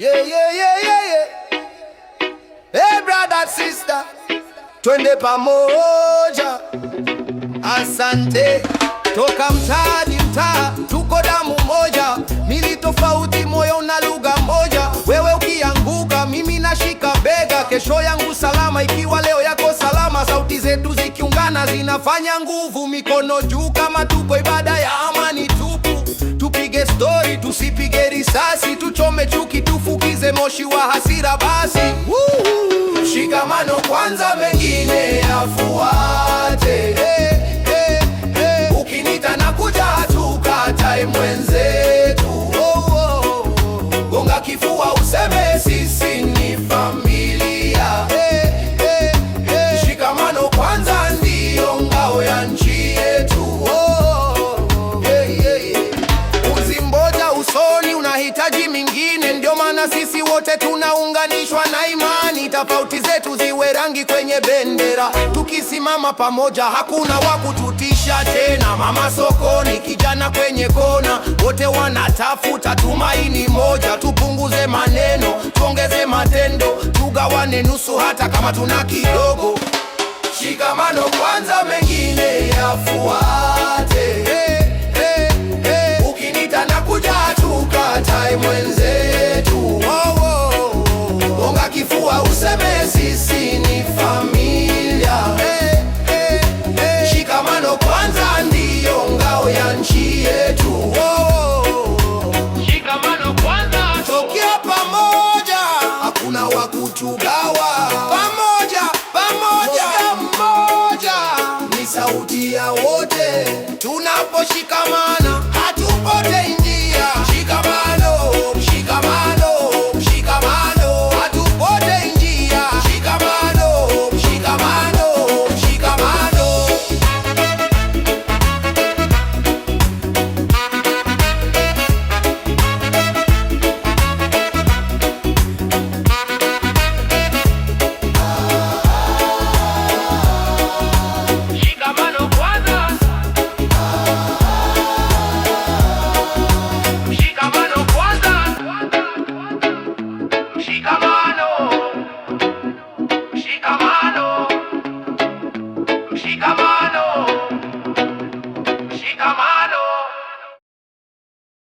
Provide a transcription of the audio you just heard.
Yeah, yeah, yeah, yeah, yeah. Hey, brother, sister, twende pamoja. Asante, toka mtaani mtaa, tuko damu moja, mili tofauti, moyo na lugha moja. Wewe ukianguka, mimi nashika bega, kesho yangu salama, ikiwa leo yako salama. Sauti zetu zikiungana, zinafanya nguvu, mikono juu kama tuko ibada ya amani tupu. Tupige stori, tusipige risasi moshi wa hasira basi. Shikamano kwanza, mengine yafuate. Hey, hey, hey. Ukinita na kuja hatukatae mwenzetu. Oh, oh, oh. Gonga kifua useme sisi nifa maana sisi wote tunaunganishwa na imani, tofauti zetu ziwe rangi kwenye bendera. Tukisimama pamoja, hakuna wa kututisha tena. Mama sokoni, kijana kwenye kona, wote wanatafuta tumaini moja. Tupunguze maneno, tuongeze matendo, tugawane nusu, hata kama tuna kidogo. tunaposhikamana